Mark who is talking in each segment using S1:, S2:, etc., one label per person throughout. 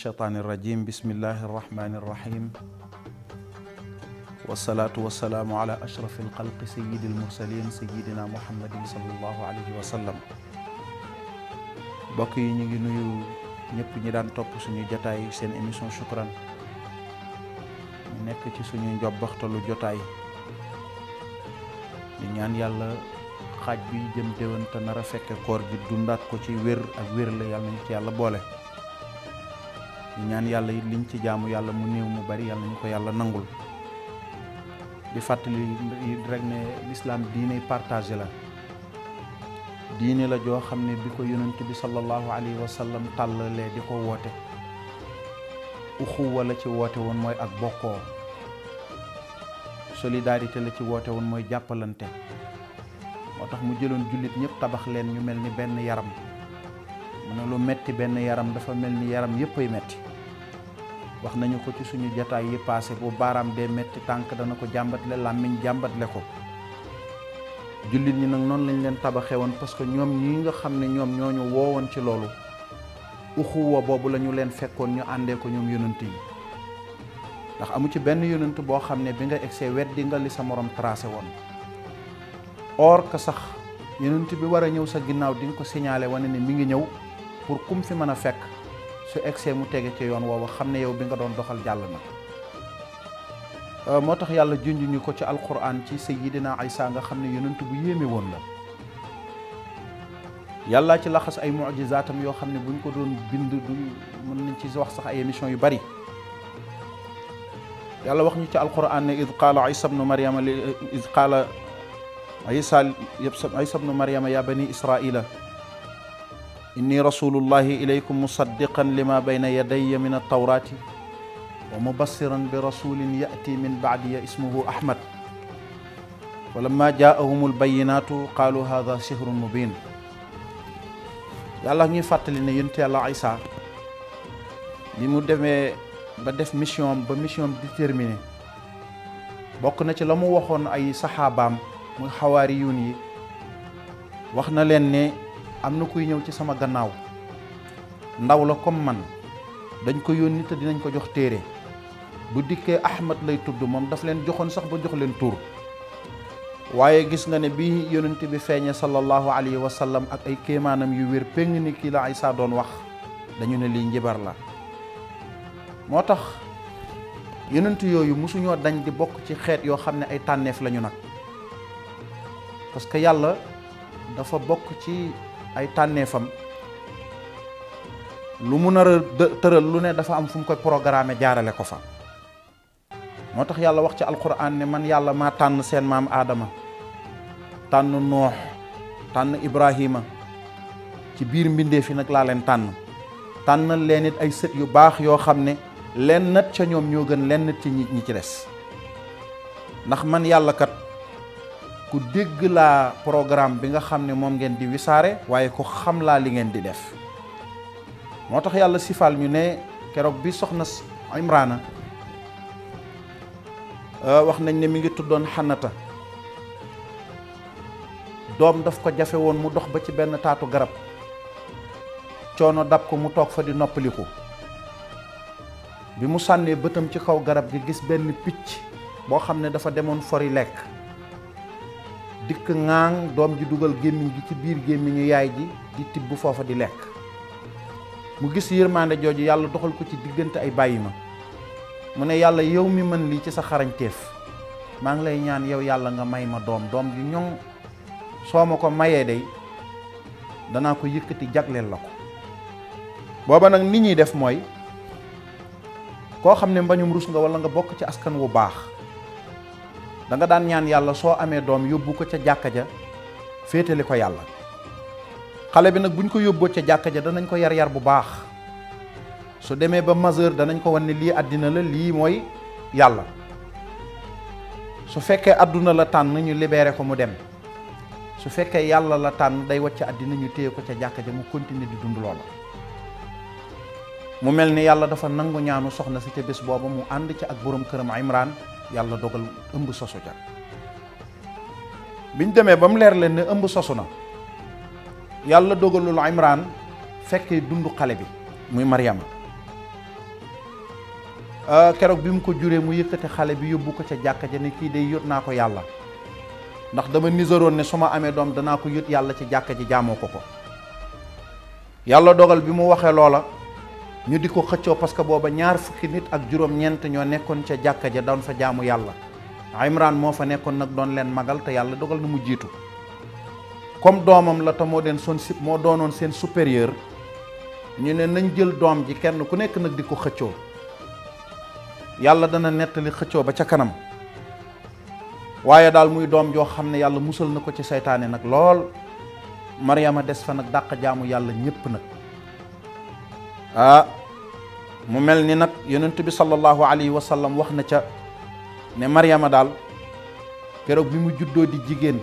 S1: الشيطان الرجيم بسم الله الرحمن الرحيم والصلاة والسلام على أشرف الخلق سيد المرسلين سيدنا محمد صلى الله عليه yi ñu ngi nuyu ñëpp ñi daan topp suñu jotaay seen émission Shukran ñu nekk ci suñu njobbaxtalu jotaay di ñaan yàlla xaaj bi jëm déwén te nar fekke koor gi dundaat ko ci wér ak wér la yàlla nañu ci yàlla boole ñaan yàlla it liñ ci jaamu yàlla mu néew mu bari yàlla ñu ko yàlla nangul di fàttali rek ne lislaam diine partagé la diine la joo xam ne bi ko yonent bi sallallahu alayhi wa sallam tàllalee di ko woote uxuwa la ci woote woon mooy ak bokkoo solidarité la ci woote woon mooy jàppalante moo tax mu jëloon jullit ñëpp tabax leen ñu mel ni benn yaram mu ne lu metti benn yaram dafa mel ni yaram yëpp ay metti wax nañu ko ci suñu jataay yi paase bu baaraam dee metti tànk dana ko jàmbatle làmmiñ jàmbatle ko jullit ñi nag noonu lañ leen tabaxee woon parce que ñoom ñi nga xam ne ñoom ñoo ñooñu woowoon ci loolu uxuwa boobu la ñu leen fekkoon ñu àndee ko ñoom yonent yi ndax amu ci benn yonent boo xam ne bi nga egsee weddi nga li sa moroom tracé woon or ko sax yonent bi war a ñëw sa ginnaaw di ko siñaale wane ne mi ngi ñëw pour kum fi mën a fekk su egsee mu tegee ci yoon woowu xam ne yow bi nga doon doxal jàll na euh, moo tax yàlla junj ñu ko ci alquran ci sayyidina Isa nga xam ne yonent bu yéeme woon la yàlla ci laxas ay mujizaatam yoo xam ne buñ ko doon bind du mën nañ ci wax sax ay émission yu bari yàlla wax ñu ci alquran ne id qaala isa bnu maryama id qaala isa isa bnu maryama ya bani israila inni rasulullahi ilaykum musaddiqan lima bayna yadayya min altawrati wa mubassiran bi rasulin yati min baadiya ismuhu ahmad wa lamma jaahum albayinatu qaalu hada sihrun mubin yàlla ñuy fàttali ne yonent yàlla Isaa bi mu demee ba def mission ba mission bi déterminé bokk na ci la mu waxoon ay saxaabaam muy xawaariyuun yi wax na leen ne am na kuy ñëw ci sama gannaaw ndaw la comme man dañ ko yónni te dinañ ko jox téere bu dikkee Ahmad lay tudd moom daf leen joxoon sax ba jox leen tur waaye gis nga ne bi yonent bi feeñee sallallahu alayhi wa sallam ak ay kéemaanam yu wér péng ni kii la Isaa doon wax dañu ne lii njabar la moo tax yonent yooyu mosuñoo dañ di bokk ci xeet yoo xam ne ay tànneef lañu nag parce yàlla dafa bokk ci ay tànneefam lu mu nar a tëral lu ne dafa am fu mu koy programme jaarale ko fa moo tax yàlla wax ci alquran ne man yàlla maa tànn seen maam aadama tànn noox tànn ibrahima ci biir mbindee fi nag laa leen tànn tànn leen it ay sët yu baax yoo xam ne lenn ca ñoom ñoo gën lenn ci nit ñi ci des ndax man yàlla kat ku dégg laa programme bi nga xam ne moom ngeen di wisaare waaye ku xam laa li ngeen di def moo tax yàlla sifaal ñu ne keroog bi soxna imraana euh, wax nañ ne mi ngi tuddoon xanata doom daf ko jafe woon mu dox ba ci benn taatu garab coono dab ko mu toog fa di noppaliku bi mu sànnee bëtam ci kaw garab gi gis benn picc boo xam ne dafa demoon fori lekk dikk ŋaang doom ji dugal gémmiñ gi ci biir gémmiñu yaay ji di tibb foofa di lekk mu gis yërmande jooju yàlla doxal ko ci diggante ay bàyyi ma mu ne yàlla yow mi mën lii ci sa xarañteef maa ngi lay ñaan yow yàlla nga may ma doom doom ju ñoŋ soo ma ko mayee day danaa ko yëkkati jagleel la ko booba nag nit ñuy def mooy koo xam ne mbañum rus nga wala nga bokk ci askan wu baax da nga daan ñaan yàlla soo amee doom yóbbu ko ca jàkka ja féetali ko yàlla xale bi nag buñ ko yóbboo ca jàkka ja danañ ko yar yar bu baax su demee ba majeur danañ ko wan ne lii àddina la lii mooy yàlla su fekkee àdduna la tànn ñu libéré ko mu dem su fekkee yàlla la tànn day wàcc àddina ñu téye ko ca jàkka ja mu continuer di dund loola mu mel ni yàlla dafa nangu ñaanu soxna si ca bés booba mu ànd ci ak borom këram Imran yàlla dogal ëmb sosu ca biñ demee ba mu leer leen ne ëmb sosu na yàlla dogalul Imraan fekkee dund xale bi muy Maryama euh, keroog bi mu ko juree mu yëkkati xale bi yóbbu ko ca jàkka ja ne kii day yót naa ko yàlla ndax dama nisaroon ne su ma amee doom danaa ko yót yàlla ci jàkka ji jaamoo ko ko yàlla dogal bi mu waxee loola ñu di ko xëccoo parce que booba ñaar fukki nit ak juróom-ñeent ñoo nekkoon ca jàkka ja doon fa jaamu yàlla Imran moo fa nekkoon nag doon leen magal te yàlla dogal na mu jiitu comme doomam la te moo den son si moo doonoon seen supérieur ñu ne nañ jël doom ji kenn ku nekk nag di ko xëccoo yàlla dana nettali xëccoo ba ca kanam waaye daal muy doom joo xam ne yàlla musal na ko ci seytaane nag lool Maryama des fa nag dàq jaamu yàlla ñépp nag ah mu mel ni nag yonent bi sallallahu alayhi wa sallam wax na ca ne Maryama daal keroog bi mu juddoo di jigéen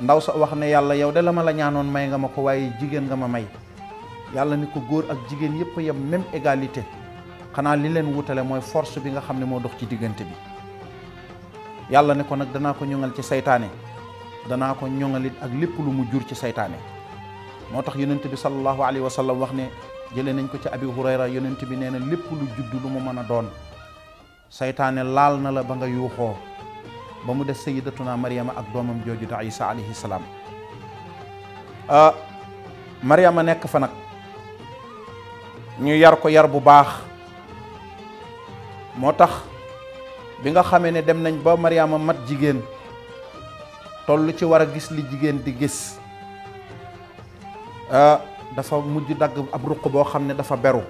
S1: ndaw sa wax ne yàlla yow de la ma la ñaanoon may nga ma ko waaye jigéen nga ma may yàlla ne ko góor ak jigéen yépp yam même égalité xanaa li leen wutale mooy force bi nga xam ne moo dox ci diggante bi yàlla ne ko nag danaa ko ñoŋal ci seytaane danaa ko ñoŋalit ak lépp lu mu jur ci saytaane moo tax yonent bi sallallahu alayhi wa wax ne jëlee nañ ko ci abi hurayra yonent bi nee na lépp lu judd lu mu mën a doon seytaane laal na la ba nga yuuxoo ba mu des sayidatuna mariama ak doomam jooju da isa alayhi salaam ah, mariama nekk fa nag ñu yar ko yar bu baax moo tax bi nga xamee ne dem nañ ba mariama mat jigéen toll ci war a gis li jigéen di gis ah, dafa mujj dagg ab ruq boo xam ne dafa beru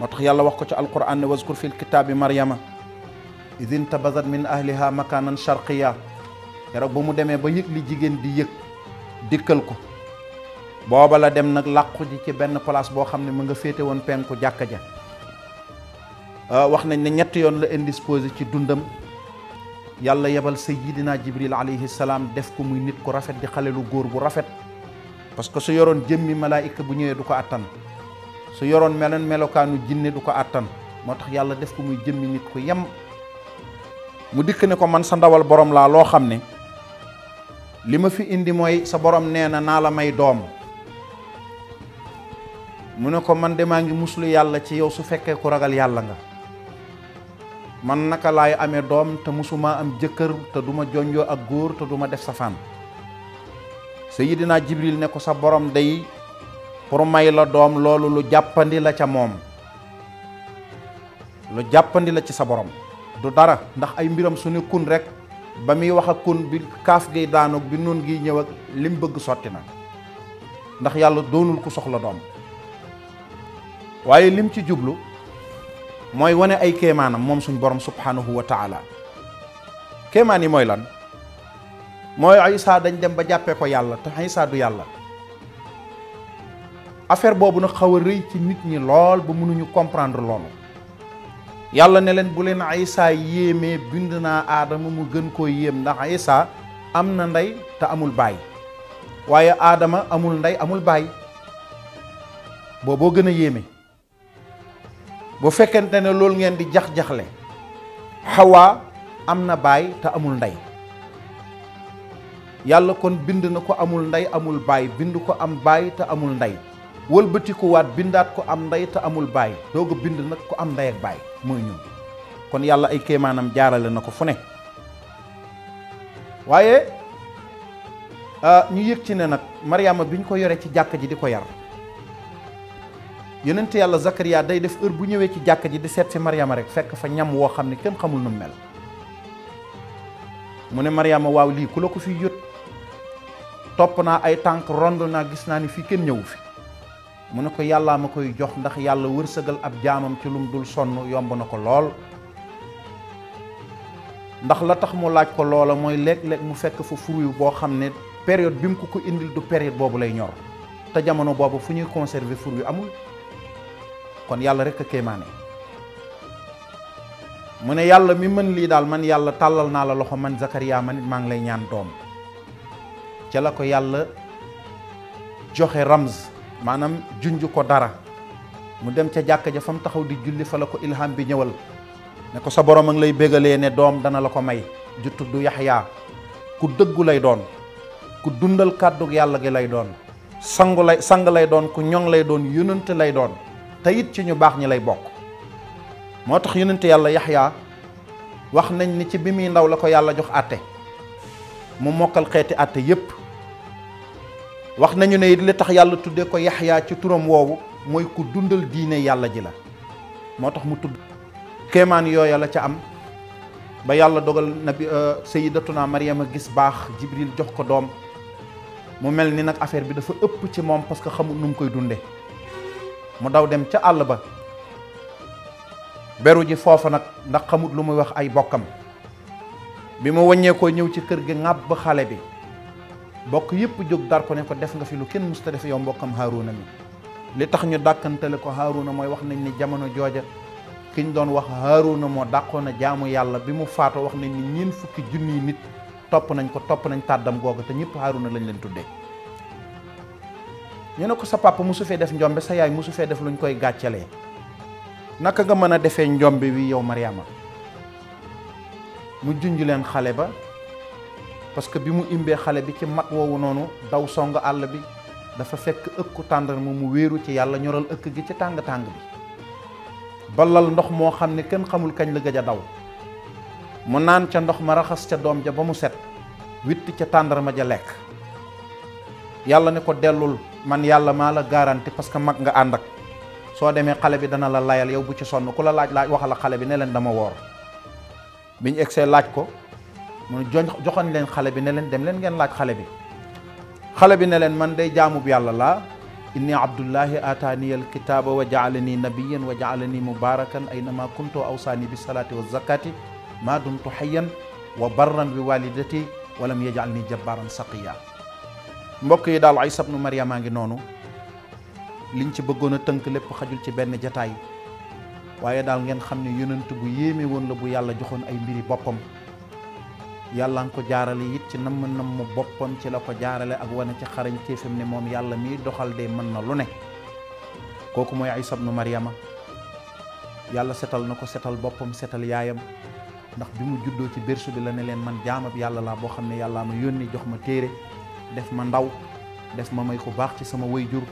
S1: moo tax yàlla wax ko ci alquran ne waskur fil kitaabi maryama idin tabazat min ahliha makanan sharqiya keroog ba mu demee ba yëg li jigéen di yëg dikkal ko booba la dem nag làqu ji ci benn place boo xam ne mu nga féete woon penku jàkka ja euh, wax nañ ne ñetti yoon la indisposé ci dundam yàlla yebal sayyidina jibril alayhi salaam def ko muy nit ku rafet di xale lu góor bu rafet parce que su yoroon jëmmi malaayika bu ñëwee du ko attan su yoroon melen melokaanu jinne du ko attan moo tax yàlla def ko muy jëmmi nit ku yem mu dikk ne ko man sa ndawal borom laa loo xam ne li ma fi indi mooy sa borom nee na naa la may doom mu ne ko man de maa ngi muslu yàlla ci yow su fekkee ku ragal yàlla nga man naka laay amee doom te musuma am jëkkër te duma jonjoo ak góor te duma def safaan dinaa jibril ne ko sa borom day pour may la doom loolu lu jàppandi la ca moom lu jàppandi la ci sa borom du dara ndax ay mbiram su ne kun rek ba muy wax ak kun bi kaas gi daanu bi nun gi ñëw ak lim bëgg sotti na ndax yàlla doonul ku soxla doom waaye lim ci jublu mooy wane ay kéemaanam moom suñ borom subhanahu wa taala kéemaan yi mooy lan mooy Isaa dañ dem ba jàppee ko yàlla te Isaa du yàlla affaire boobu na xaw a rëy ci nit ñi lool ba mënuñu comprendre loolu yàlla ne leen bu leen Isaa yéemee bind naa aadama mu gën koo yéem ndax Isaa am na ndey te amul baay waaye aadama amul ndey amul baay booboo gën a yéeme bu fekkente ne loolu ngeen di jax-jaxle xawaa am na baay te amul ndey yàlla kon bind na ko amul ndey amul baay bind ko am baay te amul ndey wëlbatikuwaat bindaat ko am ndey te amul baay doog bind nag ko am ndey ak baay mooy ñun kon yàlla ay kéemaanam jaarale na ko fu ne waaye ñu yëg ci ne nag Mariama bi ñu ko yore ci jàkka ji di ko yar yonent yàlla Zakaria day def heure bu ñëwee ci jàkka ji di seet si Mariama rek fekk fa ñam woo xam ne kenn xamul nu mel mu ne Mariama waaw lii ku la ko fiy yót topp naa ay tànk rond naa gis naa ni fii kenn ñëwu fi mu ne ko yàllaa ma koy jox ndax yàlla wërsëgal ab jaamam ci lum dul sonn yomb na ko lool ndax la tax mu laaj ko loola mooy léeg-léeg mu fekk fa fruit boo xam ne période bi mu ko ko indil du période boobu lay ñor te jamono boobu fu ñuy conserver fruit amul kon yàlla rek a kéemaane mu ne yàlla mi mën lii daal man yàlla tàllal naa la loxo man Zakaria man it maa ngi lay ñaan doom ca la ko yàlla joxe ramz maanaam junj ko dara mu dem ca jàkk ja fa mu taxaw di julli fa la ko ilham bi ñëwal ne ko sa borom a lay bégalee ne doom dana la ko may ju tudd yaxyaa ku dëggu lay doon ku dundal kàddug yàlla gi lay doon sangu lay sang lay doon ku ñoŋ lay doon yónnante lay doon te it ci ñu baax ñi lay bokk moo tax yónnante yàlla yaxyaa wax nañ ni ci bi muy ndaw la ko yàlla jox àtte mu mokkal xeeti àtte yépp wax nañu ne it li tax yàlla tuddee ko yaxyaa ci turam woowu mooy ku dundal diine yàlla ji la moo tax mu tudd kéemaan yooya la ca am ba yàlla dogal nabi euh, sayidatuna mariama gis baax jibril jox ko doom mu mel ni nag affaire bi dafa ëpp ci moom parce que xamul nu mu koy dunde mu daw dem ca àll ba beru ji foofa nag ndax xamut lu muy wax ay bokkam bi mu wàññeekoo ñëw ci kër gi ŋàbb xale bi bokk yëpp jóg darko ko ne ko def nga fi lu kenn mus ta def yow mbokkam Haaruna mi li tax ñu dàkkantale ko Haaruna mooy wax nañ ni jamono jooja kiñ doon wax Haaruna moo dàqoon a jaamu yàlla bi mu faatoo wax nañ ni ñeen fukki junniy nit topp nañ ko topp nañ tàddam googu te ñëpp Haaruna lañ leen tudde ñu ne ko sa papa musu fee def njombe sa yaay mosu fee def luñ koy gàccalee naka nga mën a defee njombe wi yow Mariama mu junj leen xale ba parce que bi mu imbee xale bi ci mag woowu noonu daw song àll bi dafa fekk ëkku tàndarma mu wéeru ci yàlla ñoral ëkk gi ci tàng-tàng bi balal ndox moo xam ne kenn xamul kañ la gëj a daw mu naan ca ndox ma raxas ca doom ja ba mu set witti ca tàndarma ja lekk yàlla ne ko dellul man yàlla maa la garanti parce que mag nga ànd ak soo demee xale bi dana la layal yow bu ci sonn ku la laaj laaj waxal xale bi ne leen dama woor biñ egsee laaj ko mu joñ joxoon leen xale bi ne leen dem leen ngeen laaj xale bi xale bi ne leen man dey jaamub yàlla laa inni abdullahi ataani alkitaaba wa jaalani nabiyan wa jaalani mubarakan aynama kuntu awsaani bi salaati wa zakati ma dumtu xayan wa barran bi walidati walam yajalni jabbaran saqiya mbokk yi daal Isa bnu maa ngi noonu liñ ci bëggoon a tënk lépp xajul ci benn jataay waaye daal ngeen xam ne yonent bu yéeme woon la bu yàlla joxoon ay mbiri boppam yàlla nga ko jaarale it ci namm namm boppam ci la ko jaarale ak wane ci xarañ téefam ne moom yàlla mii doxal de mën na lu ne kooku mooy ay Isa bnu Maryama yàlla setal na ko setal boppam setal yaayam ndax bi mu juddoo ci bersu bi la ne leen man jaamab yàlla laa boo xam ne yàllaa ma yónni jox ma téere def ma ndaw def ma may ko baax ci sama wéy jur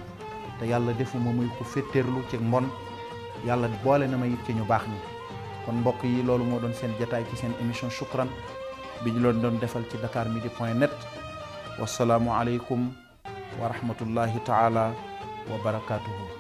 S1: te yàlla defu ma muy ko féttéerlu ci mbon yàlla boole na ma it ci ñu baax ñi kon mbokk yi loolu moo doon seen jataay ci seen émission Shukran bi ñu leen doon defal ci dakar midi point net wasalaamualeykum wa rahmatullahi taala wa